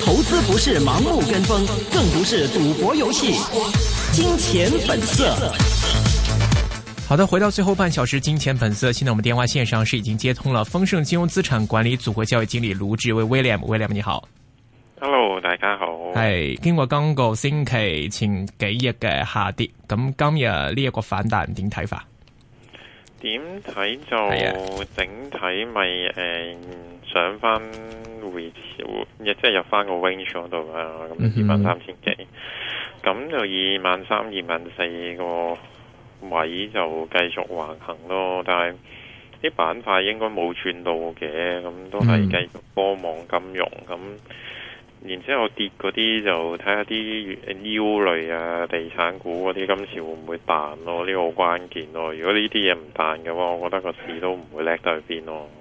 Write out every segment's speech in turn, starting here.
投資不是盲目跟風，更不是賭博遊戲。金錢本色。好的，回到最後半小時，金錢本色。現在我們電話線上是已經接通了，豐盛金融資產管理組合交易經理盧志威 William，William 你好。Hello，大家好。係經過今個星期前幾日嘅下跌，咁今日呢一個反彈點睇法？點睇就整體咪、就、誒、是嗯、上翻回潮，亦即係入翻個 range 嗰度啊，咁跌翻三千幾，咁就二萬三、二萬四個位就繼續橫行咯。但係啲板塊應該冇轉到嘅，咁都係繼續觀望金融咁。然之後跌嗰啲就睇下啲腰類啊、地產股嗰啲今次會唔會彈咯？呢、這個好關鍵咯。如果呢啲嘢唔彈嘅話，我覺得個市都唔會叻得去邊咯。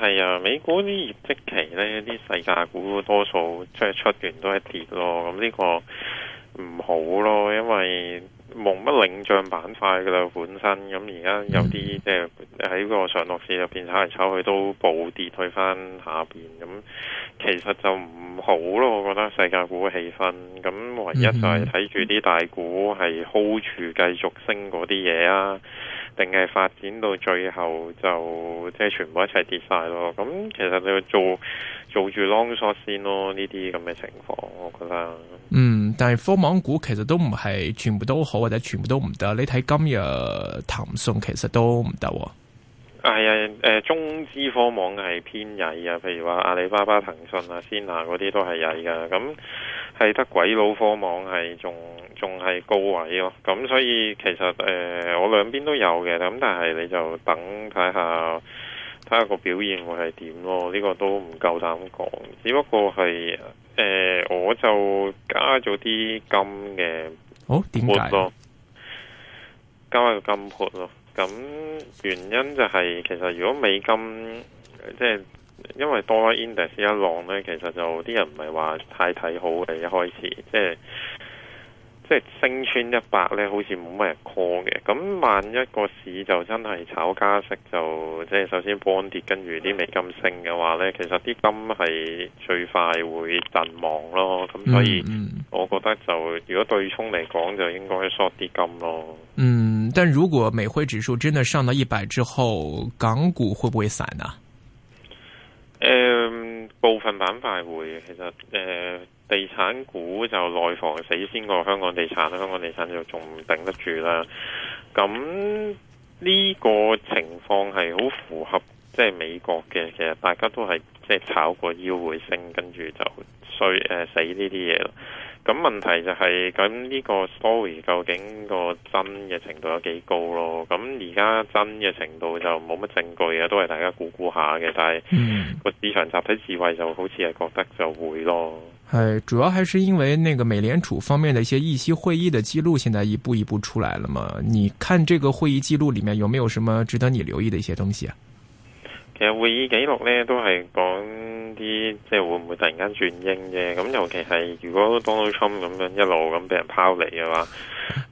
係啊，美股啲業績期呢，啲世界股多數即係出完都係跌咯，咁呢個唔好咯，因為冇乜領漲板塊噶啦，本身咁而家有啲即係喺個上落市入邊炒嚟炒去都暴跌去，退翻下邊咁，其實就唔好咯，我覺得世界股嘅氣氛，咁唯一就係睇住啲大股係 hold 住繼續升嗰啲嘢啊。定係發展到最後就即係全部一齊跌晒咯。咁其實你要做做住 long short 先咯，呢啲咁嘅情況，我覺得。嗯，但係科網股其實都唔係全部都好或者全部都唔得。你睇今日騰訊其實都唔得。係啊、哎，誒中資科網係偏曳啊，譬如話阿里巴巴、騰訊啊、先啊嗰啲都係曳噶咁。嗯係得鬼佬科網係仲仲係高位咯，咁所以其實誒、呃、我兩邊都有嘅，咁但係你就等睇下睇下個表現會係點咯？呢、這個都唔夠膽講，只不過係誒、呃、我就加咗啲金嘅盤，哦點解咯？加個金盤咯，咁原因就係、是、其實如果美金即係。因為 dollar index 一浪咧，其實就啲人唔係話太睇好嘅一開始，即係即係升穿一百咧，好似冇乜人 call 嘅。咁萬一個市就真係炒加息，就即係首先崩跌，跟住啲美金升嘅話咧，其實啲金係最快會陣亡咯。咁所以我覺得就如果對沖嚟講，就應該 short 啲金咯。嗯，但如果美匯指數真係上到一百之後，港股會唔會散啊？誒、嗯，部分板塊會，其實誒、呃，地產股就內房死先過香港地產啦，香港地產就仲頂得住啦。咁呢個情況係好符合即係美國嘅，其實大家都係即係炒過腰會升，跟住就衰誒、呃、死呢啲嘢。咁問題就係、是，咁呢個 story 究竟個真嘅程度有幾高咯？咁而家真嘅程度就冇乜證據啊，都係大家估估下嘅。但係個市場集體智慧就好似係覺得就會咯。係、嗯、主要還是因為那個美聯儲方面嘅一些議息會議嘅記錄，現在一步一步出來了嘛。你看這個會議記錄裏面有沒有什麼值得你留意的一些東西啊？其實會議記錄咧都係講啲，即係會唔會突然間轉鷹啫？咁尤其係如果當到沖咁樣一路咁俾人拋離嘅話，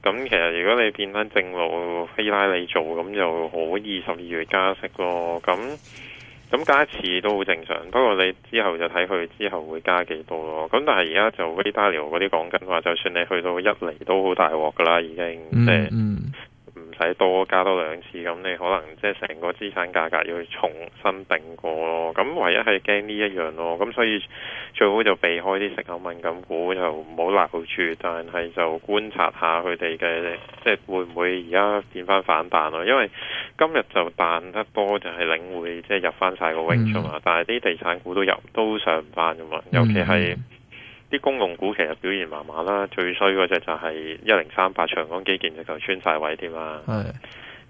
咁其實如果你變翻正路希拉里做，咁就可以十二月加息咯。咁咁加一次都好正常，不過你之後就睇佢之後會加幾多咯。咁但係而家就 Ray Dalio 嗰啲講緊話，就算你去到一厘都好大鑊噶啦，已經，嗯嗯、mm。Hmm. 唔使多加多兩次，咁你可能即係成個資產價格要去重新定過咯。咁唯一係驚呢一樣咯。咁所以最好就避開啲息口敏感股，就唔好留住。但係就觀察下佢哋嘅，即係會唔會而家變翻反彈咯？因為今日就彈得多，就係、是、領匯即係入翻晒個 wing 啫嘛。但係啲地產股都入，都上唔翻㗎嘛，尤其係。啲公共股其實表現麻麻啦，最衰嗰隻就係一零三八長江基建就穿晒位添啦。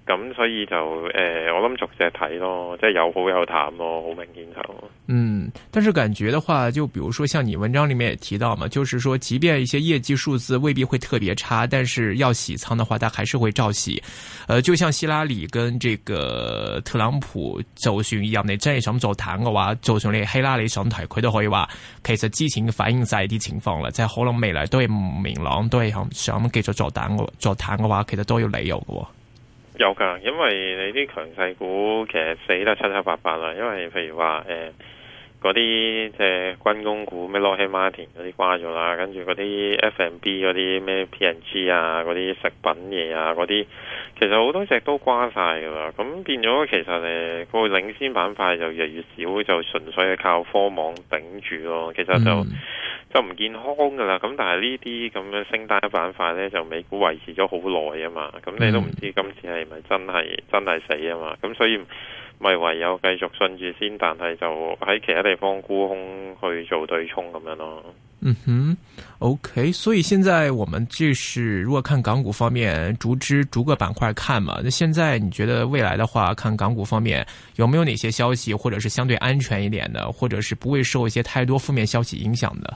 咁所以就誒，我諗逐隻睇咯，即係有好有淡咯，好明顯就。嗯，但是感覺嘅話，就比如說像你文章裏面也提到嘛，就是說，即便一些業績數字未必會特別差，但是要洗倉的話，佢還是會照洗。誒、呃，就像希拉里跟這個特朗普，就算人哋真係想做淡嘅話，就算你希拉里上台，佢都可以話，其實之前嘅反映晒啲情況啦，即係可能未來都係唔明朗，都係想繼續做淡嘅。做淡嘅話，其實都有理由嘅。有噶，因為你啲強勢股其實死得七七八八啦。因為譬如話誒，嗰啲即係軍工股咩 Lockheed Martin 嗰啲瓜咗啦，跟住嗰啲 F&B 嗰啲咩 P&G 啊，嗰啲食品嘢啊，嗰啲其實好多隻都瓜晒噶啦。咁變咗其實咧，個、呃、領先板塊就越嚟越少，就純粹係靠科網頂住咯。其實就。嗯就唔健康噶啦，咁但係呢啲咁樣升單嘅板塊咧，就美股維持咗好耐啊嘛，咁你都唔知今次係咪真係、嗯、真係死啊嘛，咁所以咪唯有繼續順住先，但係就喺其他地方沽空去做對沖咁樣咯。嗯哼，OK，所以現在我們即是如果看港股方面，逐支逐個板塊看嘛，那現在你覺得未來的話，看港股方面有沒有哪些消息，或者是相對安全一點的，或者是不會受一些太多負面消息影響的？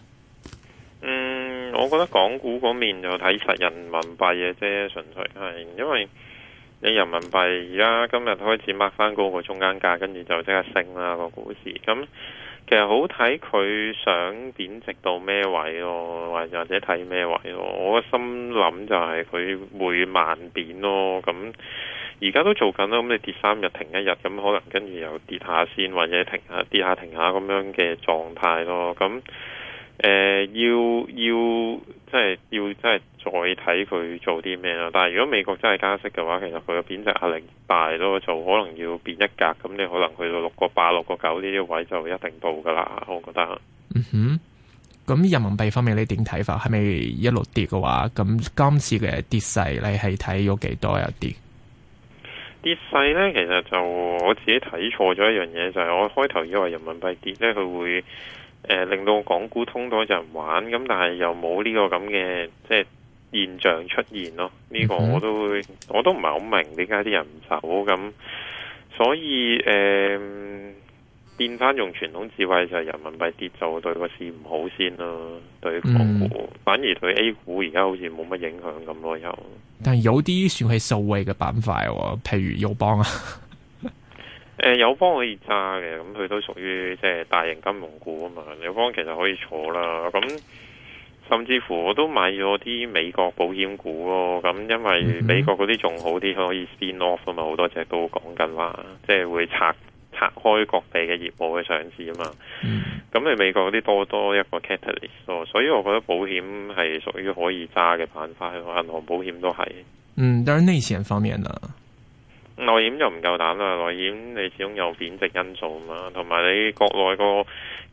我覺得港股嗰面就睇實人民幣嘅啫，純粹係因為你人民幣而家今日開始擘翻高個中間價，跟住就即刻升啦個股市。咁、嗯、其實好睇佢想貶值到咩位咯，或者睇咩位咯。我個心諗就係佢會慢貶咯。咁而家都做緊啦，咁、嗯、你跌三日停一日，咁、嗯、可能跟住又跌下先，或者停下跌下停下咁樣嘅狀態咯。咁、嗯誒、呃，要要即係要即係再睇佢做啲咩咯？但係如果美國真係加息嘅話，其實佢嘅貶值壓力大咯，就可能要變一格。咁你可能去到六個八、六個九呢啲位就一定到噶啦。我覺得。嗯哼。咁人民幣方面你點睇法？係咪一路跌嘅話？咁今次嘅跌勢你係睇咗幾多呀跌？跌勢咧，其實就我自己睇錯咗一樣嘢，就係、是、我開頭以為人民幣跌咧，佢會。誒、呃，令到港股通多人玩，咁但係又冇呢個咁嘅即係現象出現咯。呢、呢個我都會我都唔係好明點解啲人唔走咁，所以誒、呃、變翻用傳統智慧就係人民幣跌就對個市唔好先咯，對港股、嗯、反而對 A 股而家好似冇乜影響咁咯又。有但係有啲算係受惠嘅板塊，譬如友邦啊。 誒、呃，友邦可以揸嘅，咁佢都屬於即係大型金融股啊嘛。友邦其實可以坐啦，咁、嗯嗯、甚至乎我都買咗啲美國保險股咯、哦。咁因為美國嗰啲仲好啲，佢可以 spin off 啊嘛，好多隻都講緊話，即係會拆拆開各地嘅業務嘅上市啊嘛。咁你、嗯、美國嗰啲多多一個 catalyst，、哦、所以我覺得保險係屬於可以揸嘅辦法，銀行保險都係。嗯，但係內險方面呢？內險就唔夠膽啦，內險你始終有貶值因素嘛，同埋你國內個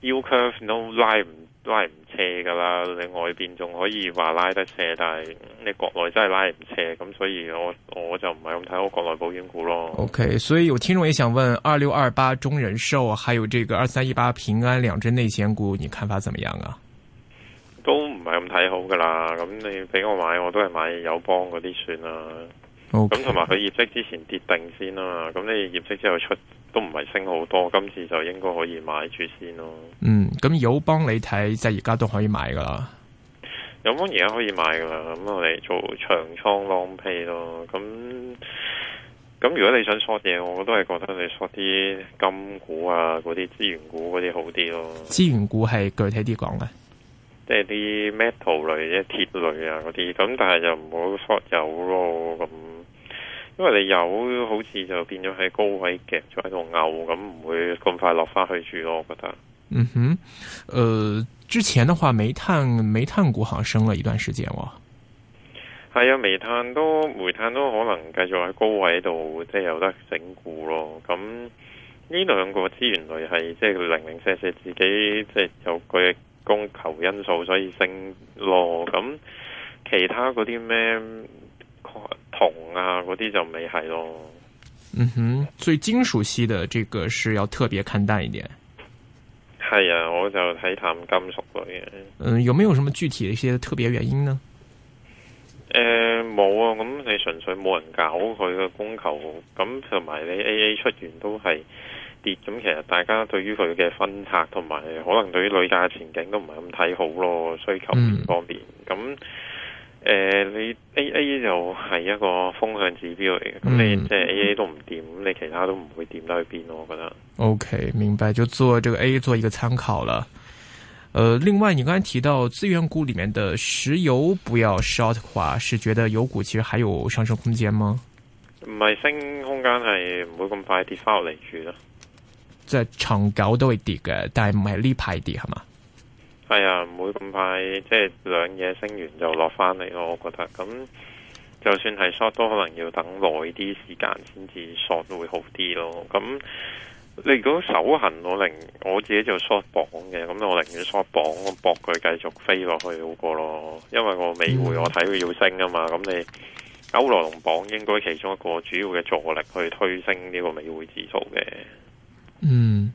U curve 都拉唔拉唔斜噶啦，你外邊仲可以話拉得斜，但係你國內真係拉唔斜，咁所以我我就唔係咁睇好國內保險股咯。O、okay, K，所以有聽眾也想問二六二八中人壽，還有這個二三一八平安兩隻內險股，你看法怎麼樣啊？都唔係咁睇好噶啦，咁你俾我買，我都係買友邦嗰啲算啦。哦，咁同埋佢業績之前跌定先啦，啊，咁你業績之後出都唔係升好多，今次就應該可以買住先咯。嗯，咁有幫你睇，即係而家都可以買噶啦。有冇而家可以買噶啦，咁我哋做長倉 long pay 咯。咁咁如果你想 short 嘢，我都係覺得你 short 啲金股啊，嗰啲資源股嗰啲好啲咯。資源股係具體啲講嘅，即係啲 metal 類嘅鐵類啊嗰啲，咁但係就唔好 short 油咯咁。因為你有，好似就變咗喺高位嘅，就喺度拗咁，唔會咁快落翻去住咯。我覺得，嗯哼，誒、呃，之前嘅話，煤炭煤炭股行升了一段時間，我係啊，煤炭都煤炭都可能繼續喺高位度，即係有得整固咯。咁呢兩個資源類係即係零零舍舍自己，即係有佢嘅供求因素，所以升咯。咁其他嗰啲咩？銅啊，嗰啲就未係咯。嗯哼，最金屬係的這個是要特別看淡一點。係啊，我就睇淡金屬類嘅。嗯，有沒有什麼具體的一些特別原因呢？誒、呃，冇啊，咁你純粹冇人搞佢嘅供求，咁同埋你 A A 出完都係跌，咁其實大家對於佢嘅分拆同埋可能對於鋁價前景都唔係咁睇好咯，需求方面咁。嗯誒、呃，你 A A 就係一個風向指標嚟嘅。咁、嗯、你即係 A A 都唔掂，咁、嗯、你其他都唔會掂得去邊咯，我覺得。O、okay, K，明白，就做呢個 A 做一個參考啦。誒、呃，另外你剛才提到資源股裏面的石油不要 short 嘅話，是覺得油股其實還有上升空間嗎？唔係升空間，係唔會咁快跌翻落嚟住咯，即係長久都會跌嘅，但係唔係呢排跌，係嘛？係啊，唔、哎、會咁快，即係兩嘢，升完就落翻嚟咯。我覺得咁，就算係 short 都可能要等耐啲時間先至 short 都會好啲咯。咁你如果手痕我寧，我寧我自己就 short 磅嘅。咁我寧願 short 磅，搏佢繼續飛落去好過咯。因為個美匯我睇佢要升啊嘛。咁、嗯、你歐羅同磅應該其中一個主要嘅助力去推升呢個美匯指數嘅。嗯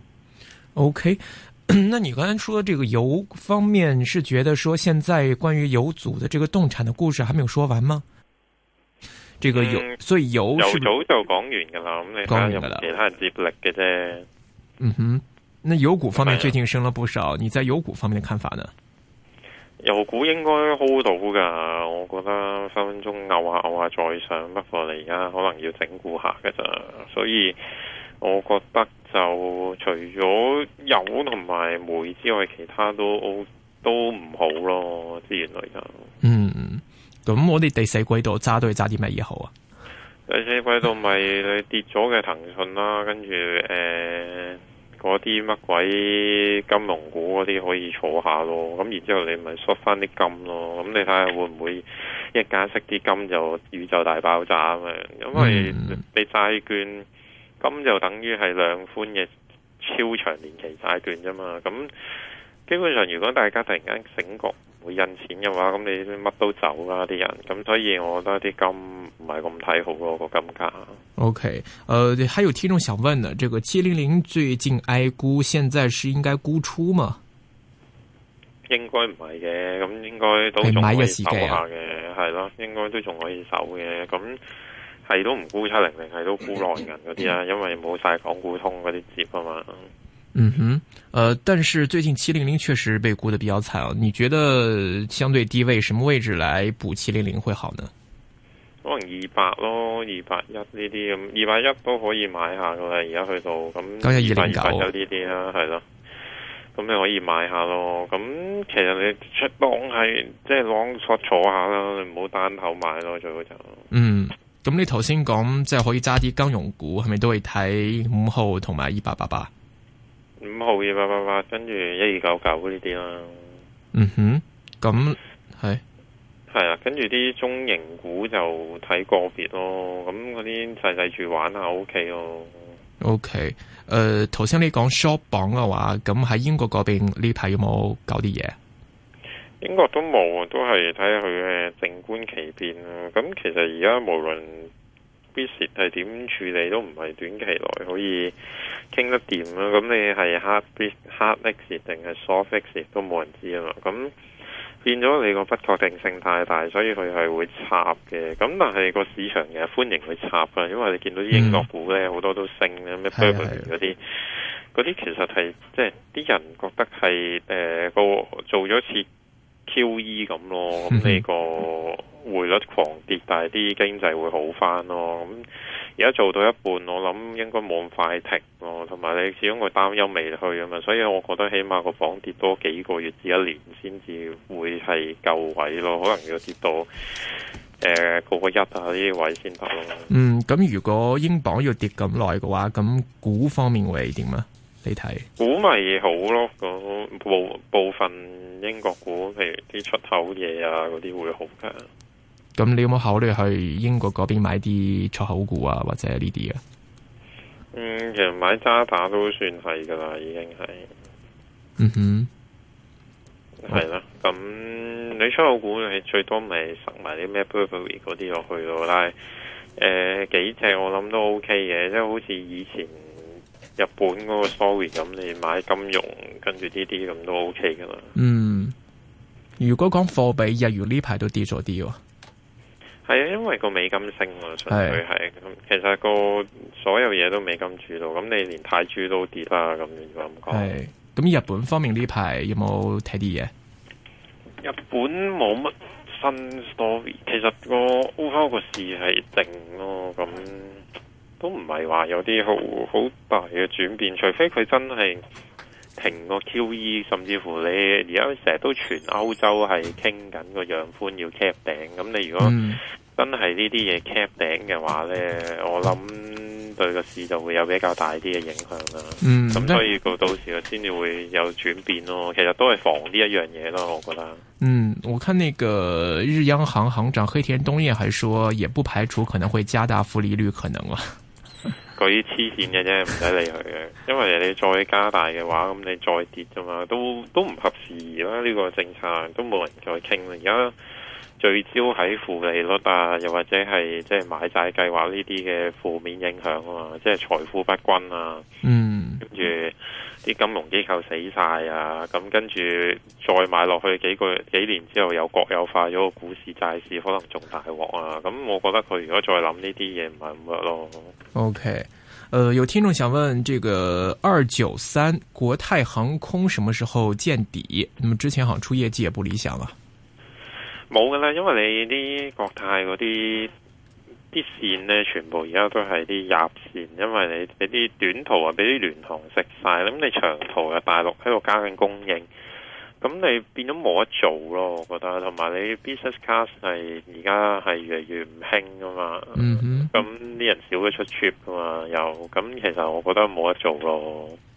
，OK。 那你剛才說這個油方面，是覺得說現在關於油組的這個動產的故事還沒有說完嗎？這個油、嗯、所以油是是油早就講完噶啦，咁而家用其他人接力嘅啫。嗯哼，那油股方面最近升了不少，吧你在油股方面的看法呢？油股應該 hold 到噶，我覺得分分鐘拗下拗下再上，不過你而家可能要整固下噶咋，所以。我覺得就除咗油同埋煤之外，其他都都唔好咯，資源類就。嗯，咁我哋第四季度揸都係揸啲咩嘢好啊？第四季度咪你跌咗嘅騰訊啦， 跟住誒嗰啲乜鬼金融股嗰啲可以坐下咯。咁然之後你咪縮翻啲金咯。咁你睇下會唔會一加息啲金就宇宙大爆炸啊？因為你債、嗯、券。咁就等於係兩寬嘅超長年期債段啫嘛，咁基本上如果大家突然間醒覺唔會印錢嘅話，咁你乜都走啦、啊、啲人，咁所以我覺得啲金唔係咁睇好咯個金價。OK，誒、呃，還有聽眾想問呢這個七零零最近 I 估，現在是應該沽出嘛、啊？應該唔係嘅，咁應該都仲可以守下嘅，係咯，應該都仲可以守嘅，咁。係都唔沽七零零，係都沽內銀嗰啲啊，因為冇晒港股通嗰啲接啊嘛。嗯哼，誒、呃，但是最近七零零確實被沽得比較慘啊。你覺得相對低位，什麼位置來補七零零會好呢？可能二百咯，二百一呢啲，咁，二百一都可以買下噶啦。而家去到咁梗係二零九呢啲啦，係咯，咁你可以買下咯。咁其實你出當係即係 long short 坐下啦，你唔好單頭買咯，最好就嗯。咁你頭先講即係可以揸啲金融股，係咪都係睇五號同埋二八八八？五號二八八八，跟住一二九九呢啲啦。嗯哼，咁係係啊，跟住啲中型股就睇個別咯。咁嗰啲細細住玩下 O K 哦。O K，誒，頭先你講 short 榜嘅話，咁喺英國嗰邊呢排有冇搞啲嘢？英國都冇，都係睇下佢嘅靜觀其變啦。咁其實而家無論 Brexit 係點處理都唔係短期內可以傾得掂啦。咁你係 Hard Brexit、Hard Exit 定係 Soft Exit 都冇人知啊嘛。咁變咗你個不確定性太大，所以佢係會插嘅。咁但係個市場嘅歡迎去插啊，因為你見到英國股咧好、嗯、多都升咧，咩推盤嗰啲嗰啲其實係即係啲人覺得係誒個做咗次。QE 咁咯，咁呢個匯率狂跌，但係啲經濟會好翻咯。咁而家做到一半，我諗應該冇咁快停咯，同埋你始終個擔憂未去啊嘛，所以我覺得起碼個房跌多幾個月至一年先至會係夠位咯，可能要跌到誒個一啊呢位先得咯。嗯，咁如果英鎊要跌咁耐嘅話，咁股方面會點啊？你睇股咪好咯，咁部部分英國股，譬如啲出口嘢啊，嗰啲會好嘅。咁你有冇考慮去英國嗰邊買啲出口股啊，或者呢啲嘅？嗯，其實買渣打都算係噶啦，已經係。嗯哼，係啦。咁你出口股你最多咪拾埋啲咩 Burberry 嗰啲落去咯？但係誒、呃、幾隻我諗都 OK 嘅，即係好似以前。日本嗰個 story 咁，你買金融跟住呢啲咁都 OK 噶嘛？嗯，如果講貨幣日元呢排都跌咗啲喎，係啊，因為個美金升啊，純粹係咁。是其實個所有嘢都美金主導。咁你連泰銖都跌啦，咁你就咁講。係咁，日本方面呢排有冇睇啲嘢？日本冇乜新 story，其實個烏方個市係靜咯，咁。都唔係話有啲好好大嘅轉變，除非佢真係停個 QE，甚至乎你而家成日都全歐洲係傾緊個量寬，要 cap 頂，咁你如果真係呢啲嘢 cap 頂嘅話咧，嗯、我諗對個市就會有比較大啲嘅影響啦。嗯，咁所以到到時佢先至會有轉變咯。其實都係防呢一樣嘢咯，我覺得。嗯，我看那個日央行行長黑田東彥還說，也不排除可能會加大負利率可能啊。佢黐線嘅啫，唔使理佢嘅。因為你再加大嘅話，咁你再跌啫嘛，都都唔合時宜啦。呢個政策都冇人再傾啦。而家聚焦喺負利率啊，又或者係即係買債計劃呢啲嘅負面影響啊，即係財富不均啊。嗯，跟住。啲金融機構死晒啊！咁跟住再買落去幾個幾年之後又國有化咗個，股市債市可能仲大鑊啊！咁我覺得佢如果再諗呢啲嘢唔係咁好咯。O K，誒，有聽眾想問，這個二九三國泰航空什麼時候見底？咁、嗯、啊，之前好像出業績也不理想啊。冇㗎啦，因為你啲國泰嗰啲。啲線咧全部而家都係啲入線，因為你俾啲短途啊，俾啲聯航食晒。咁你長途嘅大陸喺度加緊供應，咁你變咗冇得做咯。我覺得，同埋你 business class 係而家係越嚟越唔興噶嘛。嗯哼、mm，咁、hmm。啲人少咗出 trip 噶嘛，又咁其實我覺得冇得做咯。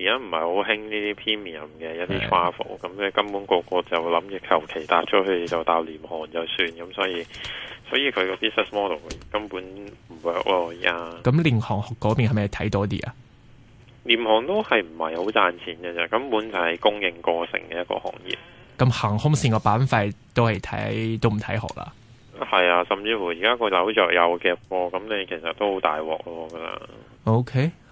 而家唔係好興呢啲 premium 嘅一啲 travel，咁你根本個個就諗住求其搭出去就搭廉航就算，咁所以所以佢個 business model 根本唔 work 咯而家。咁廉航嗰邊係咪睇多啲啊？廉航都係唔係好賺錢嘅，就根本就係供應過剩嘅一個行業。咁航空線個板塊都係睇都唔睇好啦。係啊，甚至乎而家佢就好似有嘅波，咁你其實都好大鑊咯我覺得。O K。Okay?